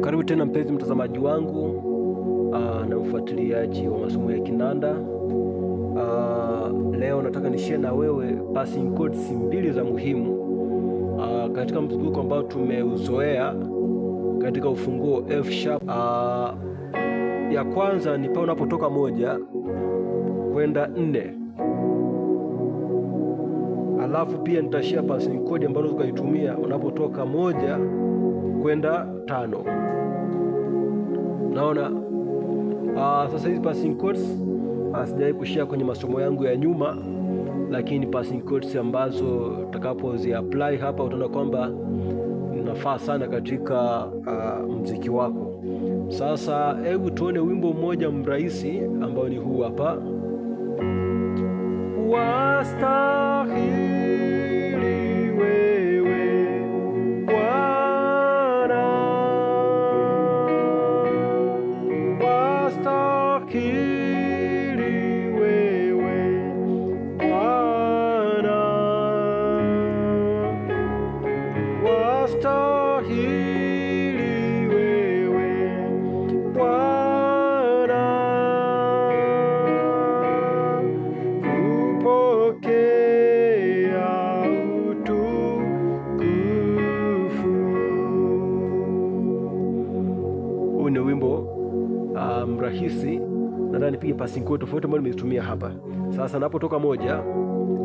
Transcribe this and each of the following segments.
Karibu tena mpenzi mtazamaji wangu aa, ah, na mfuatiliaji wa masomo ya kinanda aa, ah, leo nataka nishare na wewe passing chords mbili za muhimu aa, ah, katika mzunguko ambao tumeuzoea katika ufunguo F sharp. Aa, ya kwanza ni pale unapotoka moja kwenda nne, alafu pia nitashare passing chord ambazo ukaitumia unapotoka moja kwenda tano. Naona uh, sasa hizi passing chords ah, sijawahi kushia kwenye masomo yangu ya nyuma, lakini passing chords ambazo utakapozi apply hapa utaona kwamba nafaa sana katika uh, mziki wako. Sasa hebu tuone wimbo mmoja mrahisi ambao ni huu hapa, wastahili Um, rahisi nadhani nipige passing code tofauti ambayo nimezitumia hapa. Sasa napotoka moja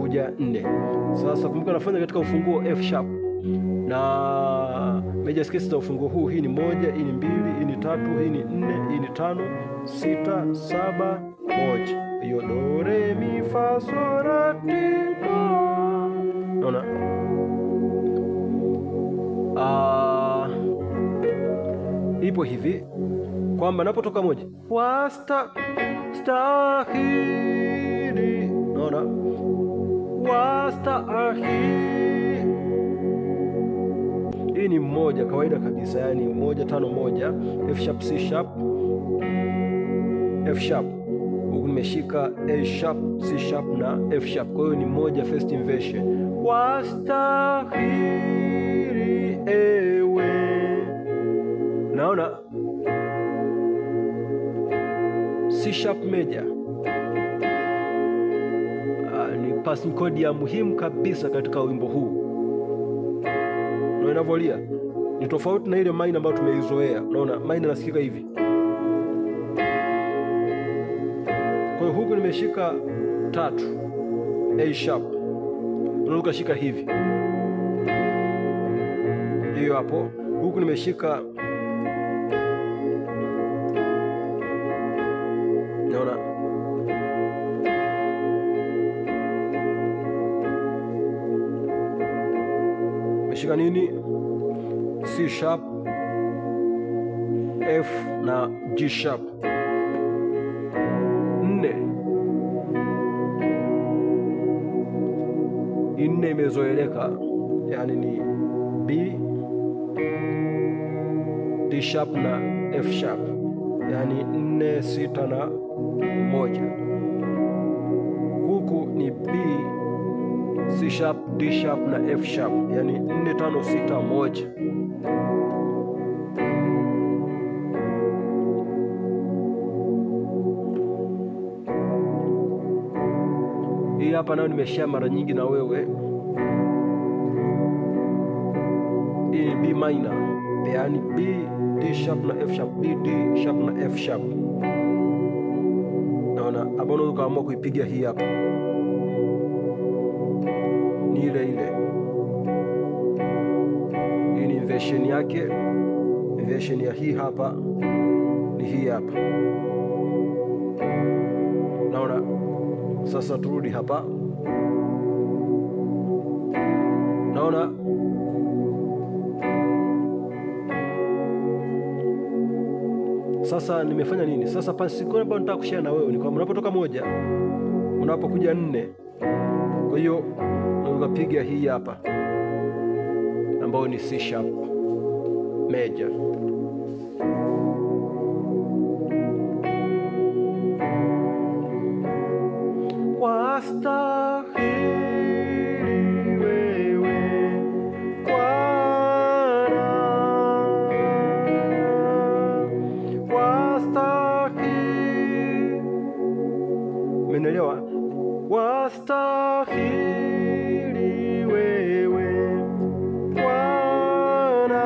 kuja nne. Sasa kumbuka nafanya katika ufunguo F sharp na meja skesi za ufungo huu. Hii ni moja, hii ni mbili, hii ni tatu, hii ni nne, hii ni tano, sita, saba, moja. Hiyo do re mi fa sol la ti do. Naona ah, ipo hivi kwamba napotoka moja wasta stahili, naona wasta ahili hii ni mmoja kawaida kabisa, yani moja tano moja, F sharp C sharp F sharp, huku nimeshika A sharp C sharp na F sharp, kwa hiyo ni moja first inversion. Wastahili ewe, naona C sharp meja ah, ni passing chord ya muhimu kabisa katika wimbo huu ndio inavyolia ni tofauti na ile maini ambayo tumeizoea. Unaona, maini nasikika hivi. Kwa hiyo huku nimeshika tatu A sharp, unaweza kushika hivi, hiyo hapo. Huku nimeshika nashika nini? C sharp, F na G sharp. Nne nne imezoeleka, yani ni B, D sharp na F sharp, yani nne sita na moja. Huku ni B C sharp, D sharp na F sharp, yani nne tano sita moja. Hii hapa nayo nimeshare mara nyingi na wewe. Hii B minor, yani B D sharp na F sharp, B D sharp na F sharp. Naona hapo unaweza kuipiga hii hapa ni ile ile. Hii ni version yake, version ya hii hapa ni hii hapa. Naona sasa, turudi hapa, naona sasa nimefanya nini? Sasa pasiko ambayo nataka kushare na wewe ni kwamba unapotoka moja unapokuja nne, kwa hiyo ukapiga hii hapa ambayo ni C sharp meja. Menelewa Wasta Wastahili wewe Bwana,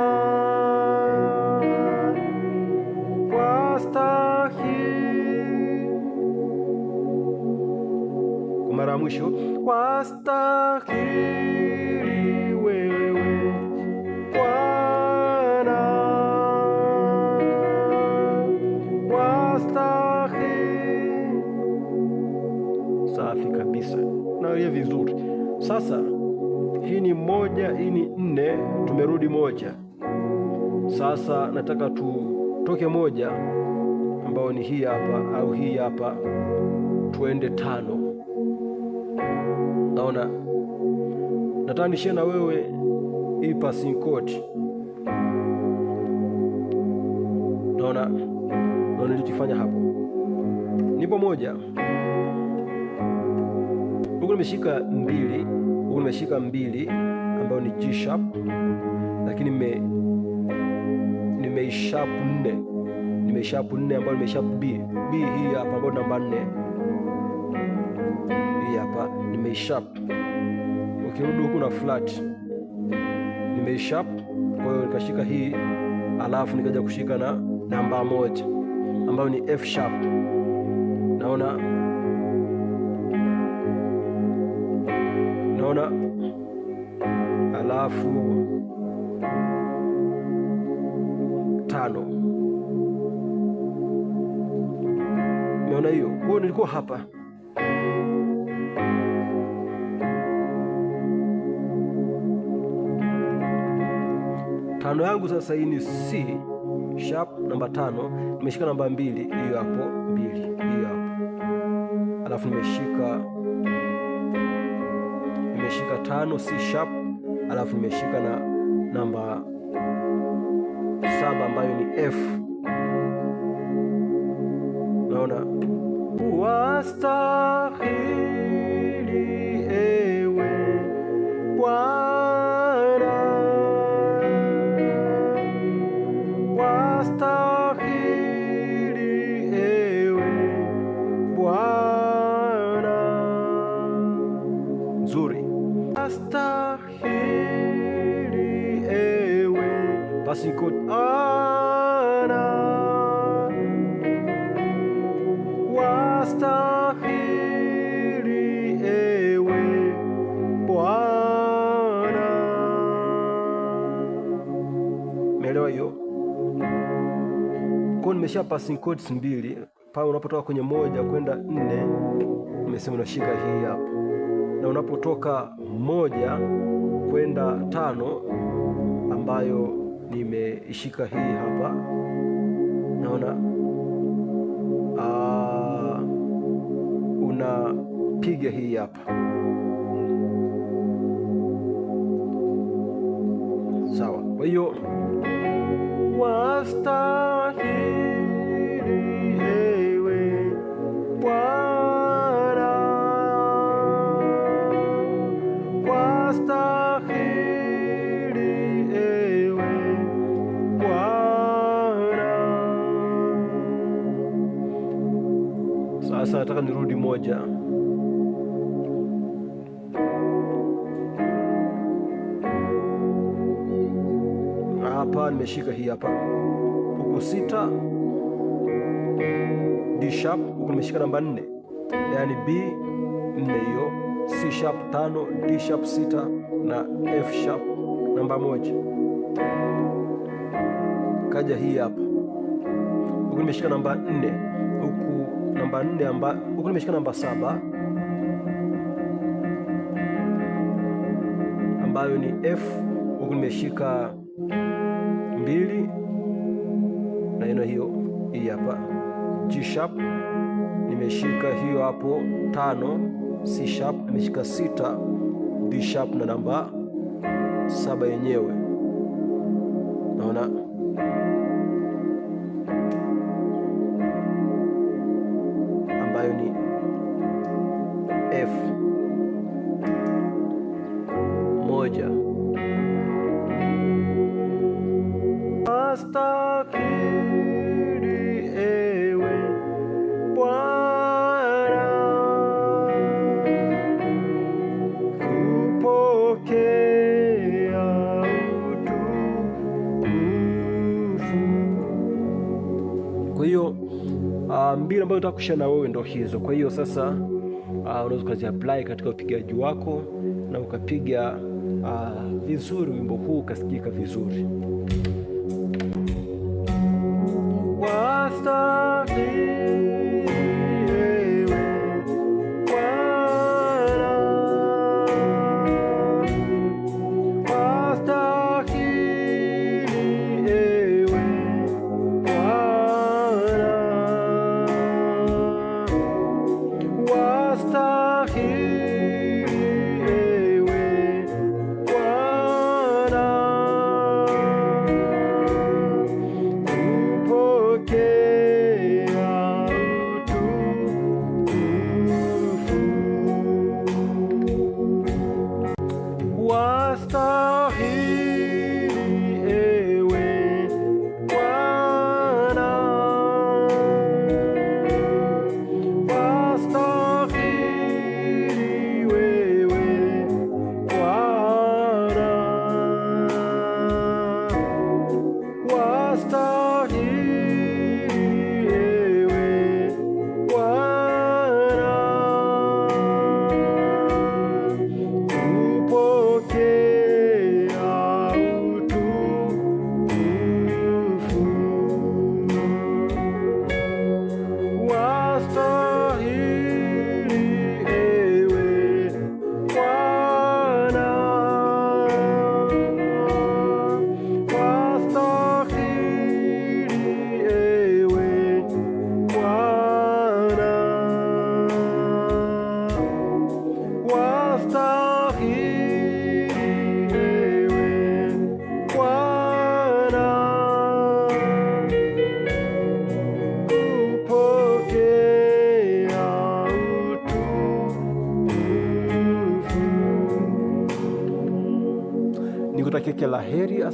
Wasta hiri. Kumara ya Wasta hiri. tuangalie vizuri sasa. Hii ni moja, hii ni nne, tumerudi moja. Sasa nataka tutoke moja ambayo ni hii hapa au hii hapa, tuende tano. Naona natanishia na wewe hii passing chord. Naona nilichofanya hapo, nipo moja huku nimeshika mbili, huku nimeshika mbili ambayo ni G sharp, lakini nime sharp nne, sharp nne ambayo sharp B. B hii hapa ambayo namba nne hii hapa sharp. Ukirudi huku na flat sharp, kwa hiyo nikashika hii, alafu nikaja kushika na namba moja ambayo ni F sharp, naona unaona, alafu tano. Umeona hiyo? Kwa nilikuwa hapa tano yangu sasa, hii ni C sharp namba tano, nimeshika namba mbili, hiyo hapo mbili, hiyo hapo, alafu nimeshika nimeshika tano C sharp, alafu nimeshika na namba saba ambayo ni F. Naona wastahili Unastahili ewe Bwana. hiyo kwa, nimesha passing chords mbili pale unapotoka kwenye moja kwenda nne, nimesema unashika hii hapo, na unapotoka moja kwenda tano ambayo nimeishika hii hapa, naona ah ninapiga hii hapa sawa. Kwa hiyo wasta nimeshika hii hapa huku sita D sharp huku nimeshika namba nne, yaani B nne hiyo, C sharp tano, D sharp sita na F sharp namba moja. Kaja hii hapa huku nimeshika namba nne, huku namba nne amba huku nimeshika namba saba ambayo ni F huku nimeshika mbili na ino hiyo hii hapa G sharp, nimeshika hiyo hapo tano. C sharp nimeshika sita. D sharp na namba saba yenyewe. kupokea utukufu. Kwa hiyo uh, mbinu ambayo nataka kushare na wewe ndo hizo. Kwa hiyo sasa uh, unaweza apply katika upigaji wako na ukapiga uh, vizuri wimbo huu ukasikika vizuri. Wasafi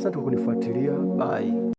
Asante kwa kunifuatilia. Bye.